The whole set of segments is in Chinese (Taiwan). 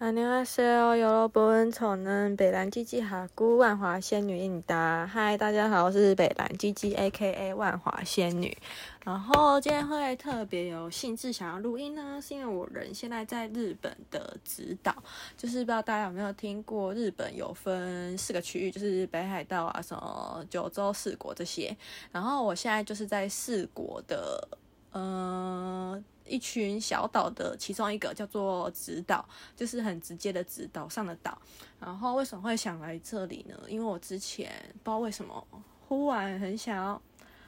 哈尼嗨誰哦？有日本從呢，北蘭 G G 哈姑，萬華仙女應答。嗨，大家好，我是北蘭 G G A K A 萬華仙女。然後今天會特別有興致想要錄音呢，是因為我人現在在日本的直島。就是不知道大家有沒有聽過，日本有分四個區域，就是北海道啊，什麼九州四國這些。然後我現在就是在四國的。呃，一群小島的其中一個叫做直島，就是很直接的直，島上的島。然後為什麼會想來這裡呢？因為我之前不知道為什麼忽然很想要，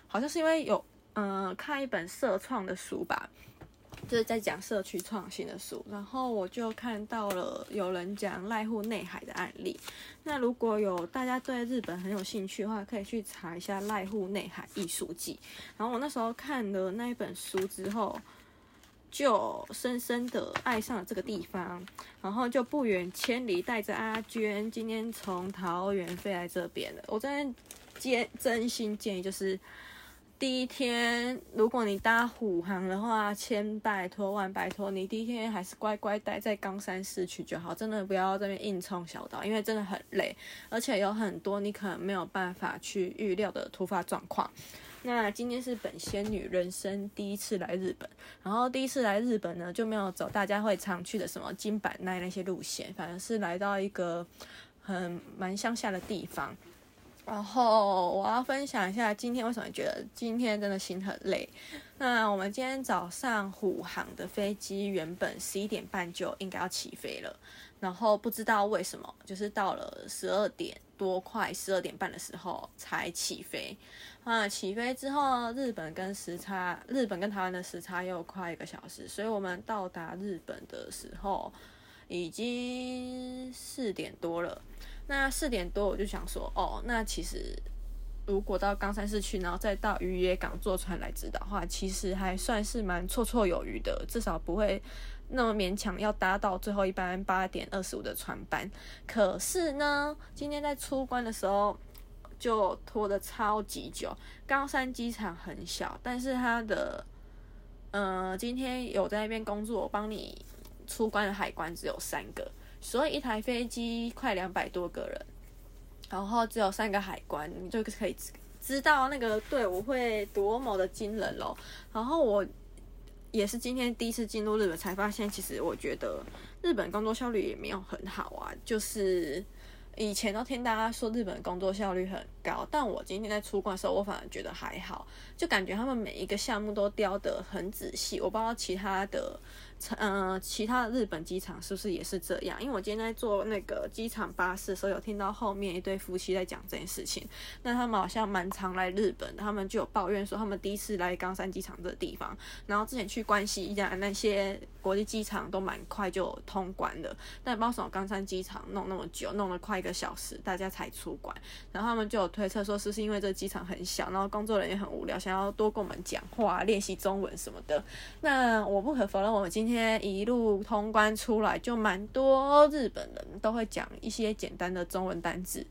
好像是因為有呃看一本社創的書吧。就是在講社區創新的書，然後我就看到了有人講瀨戶內海的案例。那如果有大家對日本很有興趣的話，可以去查一下瀨戶內海藝術季。然後我那時候看了那一本書之後，就深深的愛上了這個地方，然後就不遠千里帶着阿娟，今天從桃園飛來這邊了。我真的建真心建議就是。第一天，如果你搭虎航的話，千拜託萬拜託，你第一天還是乖乖待在岡山市區就好，真的不要這邊硬衝小島，因為真的很累，而且有很多你可能沒有辦法去預料的突發狀況。那今天是本仙女人生第一次來日本，然後第一次來日本呢，就沒有走大家會常去的什麼京阪奈那些路線，反而是來到一個很蠻鄉下的地方。然後我要分享一下今天為什麼覺得今天真的心很累。那我們今天早上虎航的飛機原本十一點半就應該要起飛了，然後不知道為什麼就是到了十二點多快，快十二點半的時候才起飛。那起飛之後日本跟時差，日本跟台灣的時差又快一個小時，所以我們到達日本的時候已經四點多了。那四點多我就想說，哦，那其實如果到岡山市區，然後再到宇野港坐船來直島的話，其實還算是蠻綽綽有餘的，至少不會那麼勉強要搭到最後一班八點二十五的船班。可是呢，今天在出關的時候就拖得超級久。岡山機場很小，但是它的，嗯、呃，今天有在那邊工作幫你出關的海關只有三個。所以一台飛機快兩百多個人，然後只有三個海關，你就可以知道那個隊伍會多麼的驚人嘍。然後我也是今天第一次進入日本，才發現其實我覺得日本工作效率也沒有很好啊。就是以前都聽大家說日本工作效率很高，但我今天在出關的時候，我反而覺得還好，就感覺他們每一個項目都雕得很仔細。我不知道其他的。嗯、呃，其他的日本機場是不是也是這樣？因為我今天在坐那個機場巴士，所以有聽到後面一對夫妻在講這件事情。那他們好像蠻常來日本，他們就有抱怨說，他們第一次來岡山機場這個地方，然後之前去關西啊那些國際機場都蠻快就通關了。但不知道為什麼岡山機場弄那麼久，弄了快一個小時大家才出關？然後他們就有推測說，是不是因為這個機場很小，然後工作人員很無聊，想要多跟我們講話，練習中文什麼的。那我不可否認，我們今天。今天一路通關出來，就蠻多日本人都會講一些簡單的中文單字，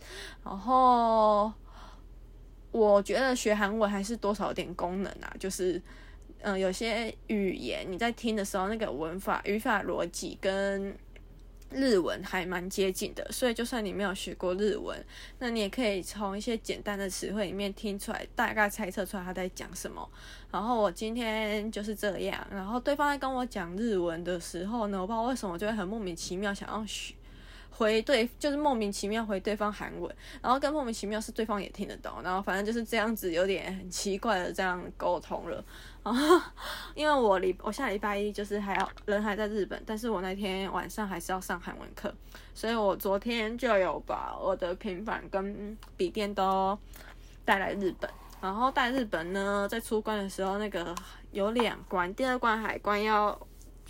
然後我覺得學韓文還是多少有點功能啊，就是嗯，有些語言你在聽的時候，那個文法、語法、邏輯跟。日文還蠻接近的，所以就算你沒有學過日文，那你也可以從一些簡單的詞彙裡面聽出來，大概猜測出來他在講什麼。然後我今天就是這樣，然後對方在跟我講日文的時候呢，我不知道為什麼就會很莫名其妙想要學。回對，就是莫名其妙回對方韓文，然後更莫名其妙是對方也聽得懂，然後反正就是這樣子，有點很奇怪的這樣溝通了。然後因為我禮我下禮拜一就是還要人還在日本，但是我那天晚上還是要上韓文課，所以我昨天就有把我的平板跟筆電都帶來日本，然後帶日本呢，在出關的時候那個有兩關，第二關海關要。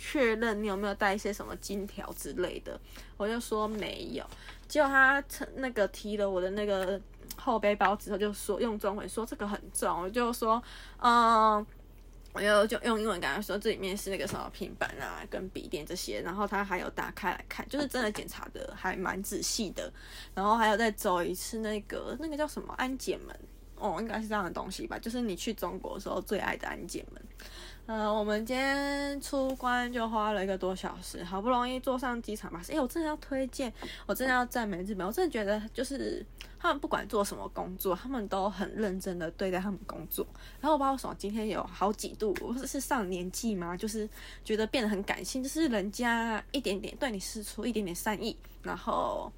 確認你有沒有帶一些什麼金條之類的，我就說沒有。結果他成那個提了我的那個後背包之後，就說用中文說這個很重。我就說，嗯，我就就用英文跟他說這裡面是那個什麼平板啊，跟筆電這些。然後他還有打開來看，就是真的檢查的還蠻仔細的。然後還有再走一次那個那個叫什麼安檢門。哦，應該是這樣的東西吧，就是你去中國的時候最愛的安檢門。嗯、呃，我們今天出關就花了一個多小時，好不容易坐上機場巴士。哎，我真的要推薦，我真的要讚美日本，我真的覺得就是他們不管做什麼工作，他們都很認真的對待他們工作。然後我不知道為什麼，今天有好幾度，我是上年紀嗎？就是覺得變得很感性，就是人家一點點對你釋出一點點善意，然後。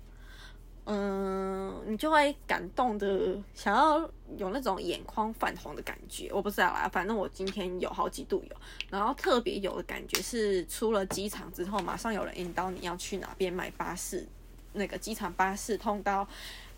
嗯，你就會感動的，想要有那種眼眶泛紅的感覺。我不知道啊，反正我今天有好幾度有，然後特別有的感覺是，出了機場之後，馬上有人引導你要去哪邊買巴士，那個機場巴士通到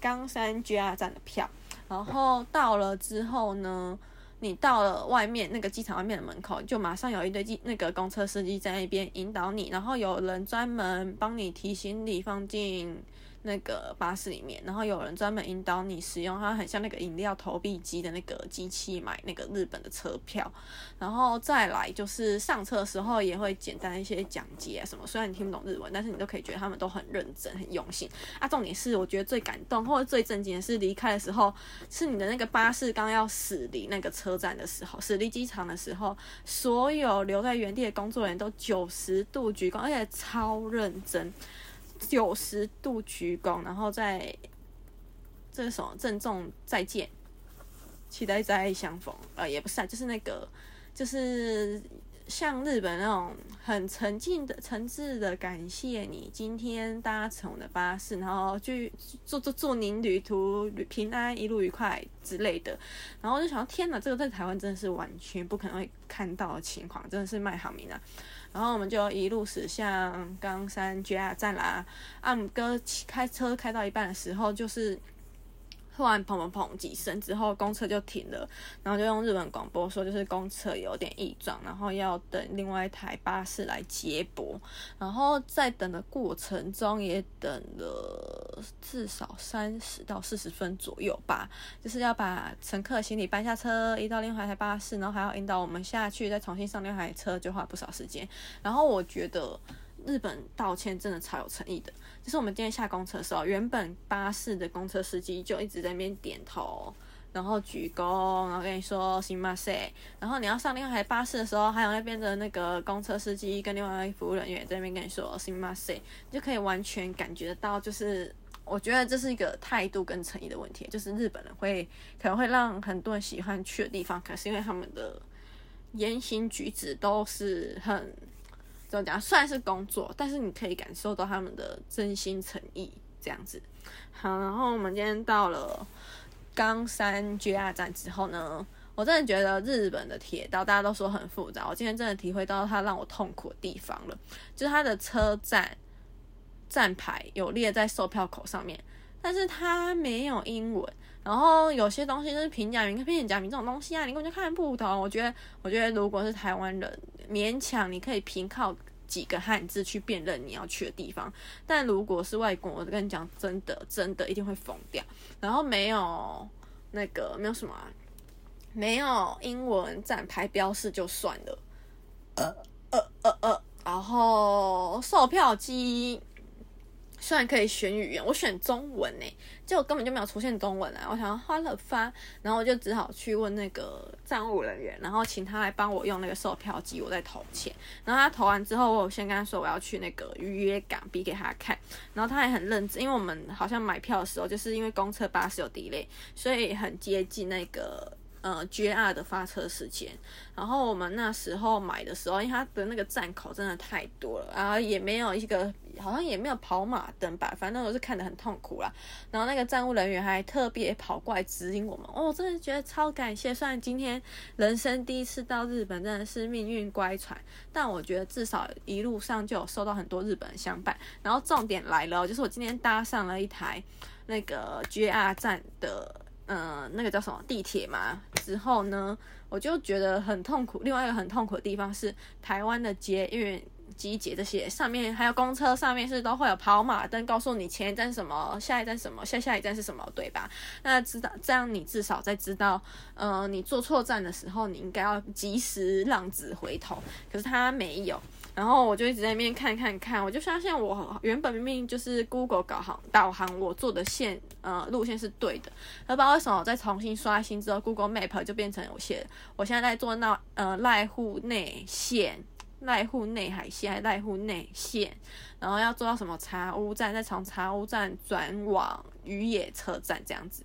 岡山 JR 站的票。然後到了之後呢，你到了外面那個機場外面的門口，就馬上有一堆機那個公車司機在那邊引導你，然後有人專門幫你提行李放進。那個巴士裡面，然後有人專門引導你使用，它很像那個飲料投幣機的那個機器買那個日本的車票。然後再來就是上車的時候也會簡單一些講解、啊、什麼，雖然你聽不懂日文，但是你都可以覺得他們都很認真、很用心。啊，重點是我覺得最感動或者最震驚的是離開的時候，是你的那個巴士剛要駛離那個車站的時候，駛離機場的時候，所有留在原地的工作人都九十度鞠躬，而且超認真。九十度鞠躬，然後再，這是什麼？鄭重再見，期待再相逢。呃，也不是啊，就是那個，就是。像日本那種很誠敬的，誠摯的感謝你今天搭乘我的巴士，然後去，祝祝祝您旅途平安，一路愉快之類的，然後我就想，天哪，這個在台灣真的是完全不可能會看到的情況，真的是賣好名了啊。然後我們就一路駛向岡山 JR 站啦。阿姆哥開車開到一半的時候，就是。突然砰砰砰幾聲之後，公車就停了，然後就用日本廣播說，就是公車有點異狀，然後要等另外一台巴士來接駁。然後在等的過程中，也等了至少三十到四十分左右吧，就是要把乘客行李搬下車，移到另外一台巴士，然後還要引導我們下去，再重新上另外一台車，就花不少時間。然後我覺得。日本道歉真的超有誠意的，就是我們今天下公車的時候，原本巴士的公車司機就一直在那邊點頭，然後鞠躬，然後跟你說 sumimasen，然後你要上另外一台巴士的時候，還有那邊的那個公車司機跟另外一位服務人員在那邊跟你說 sumimasen，就可以完全感覺得到，就是我覺得這是一個態度跟誠意的問題，就是日本人會可能會讓很多人喜歡去的地方，可是因為他們的言行舉止都是很。算是工作，但是你可以感受到他們的真心誠意這樣子。好，然後我們今天到了岡山 JR 站之後呢，我真的覺得日本的鐵道大家都說很複雜，我今天真的體會到它讓我痛苦的地方了，就是它的車站站牌有列在售票口上面，但是它沒有英文，然後有些東西就是平假名跟片假名這種東西啊，你根本就看不懂。我覺得，我覺得如果是台灣人。勉強你可以憑靠幾個漢字去辨認你要去的地方，但如果是外國，我跟你講，真的真的一定會瘋掉。然後沒有那個，沒有什麼啊，沒有英文站牌標示就算了，呃呃呃呃，呃呃呃然後售票機。雖然可以選語言，我選中文呢，欸，結果根本就沒有出現中文啊！我想花了發，然後我就只好去問那個站務人員，然後請他來幫我用那個售票機，我再投錢。然後他投完之後，我先跟他說我要去那個預約港，比給他看。然後他也很認真，因為我們好像買票的時候，就是因為公車巴士有 delay，所以很接近那個。呃，JR 的發車時間，然後我們那時候買的時候，因為它的那個站口真的太多了，然後也沒有一個，好像也沒有跑馬燈吧，反正我是看得很痛苦啦。然後那個站務人員還特別跑過來指引我們，哦，我真的覺得超感謝。雖然今天人生第一次到日本，真的是命運乖舛，但我覺得至少一路上就有收到很多日本人相伴。然後重點來了，就是我今天搭上了一台那個 JR 站的。嗯，那個叫什麼地鐵嘛？之後呢，我就覺得很痛苦。另外一個很痛苦的地方是台灣的捷運。集結這些上面還有公車上面是都會有跑馬燈告訴你，前一站什麼，下一站什麼，下下一站是什麼對吧？那知道這樣你至少在知道，呃，你坐錯站的時候你應該要及時浪子回頭。可是他沒有，然後我就一直在那邊看看看，我就相信我原本明明就是 Google 搞好導航，我坐的線呃路線是對的，不知道為什麼我再重新刷新之後 Google Map 就變成有現我現在在坐那呃瀨戶內線。瀨戶內海線還是瀨戶內線？然後要坐到什麼茶屋站，再從茶屋站轉往宇野車站這樣子。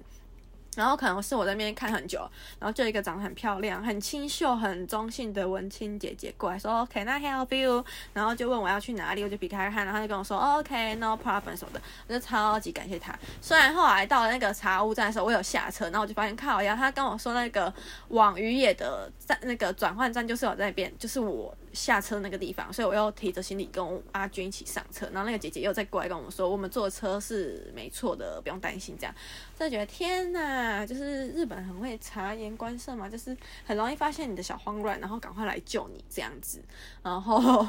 然後可能是我在那邊看很久，然後就一個長得很漂亮、很清秀、很中性的文青姐姐過來說 “Can I help you？” 然後就問我要去哪裡，我就避開看，然後她就跟我說 “OK, no problem” 什麼的。我就超級感謝她。雖然後來到了那個茶屋站的時候，我有下車，然後我就發現靠，然後她跟我說那個往宇野的站那個轉換站就是我在那邊，就是我。下車那個地方，所以我又提着行李跟阿軍一起上車，然後那個姐姐又再過來跟我們說，我們坐車是沒錯的，不用擔心這樣。就覺得天哪，就是日本很會察言觀色嘛，就是很容易發現你的小慌亂，然後趕快來救你這樣子。然後，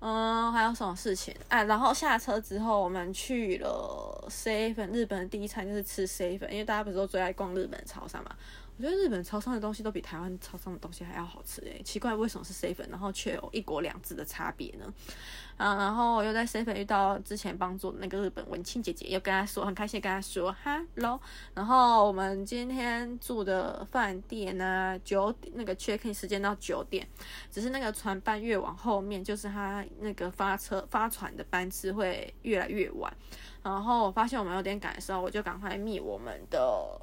嗯，還有什麼事情啊？然後下車之後，我們去了 Seven，日本的第一餐就是吃 Seven，因為大家不是都最愛逛日本超市嘛。我覺得日本超商的東西都比台灣超商的東西還要好吃誒、欸、奇怪為什麼是7-11，然後卻有一國兩制的差別呢？啊，然後又在7-11遇到之前幫助的那個日本文青姐姐，又跟她說，很開心跟她說 hello。然後我們今天住的飯店呢，九點那個 check in 時間到九點，只是那個船班越往後面，就是他那個發車發船的班次會越來越晚。然後我發現我們有點趕的時候，我就趕快滅我們的。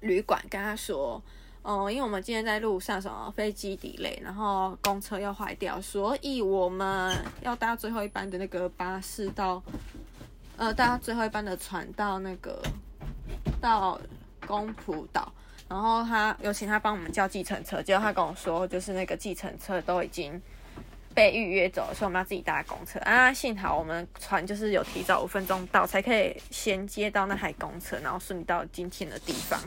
旅館跟他說，哦、嗯，因為我們今天在路上什麼飛機 delay，然後公車要壞掉，所以我們要搭最後一班的那個巴士到，呃，搭最後一班的船到那個到宮浦島，然後他有請他幫我們叫計程車，結果他跟我說，就是那個計程車都已經。被預約走了，所以我們要自己搭公車啊。幸好我們船就是有提早五分鐘到，才可以銜接到那台公車，然後順利到今天的地方。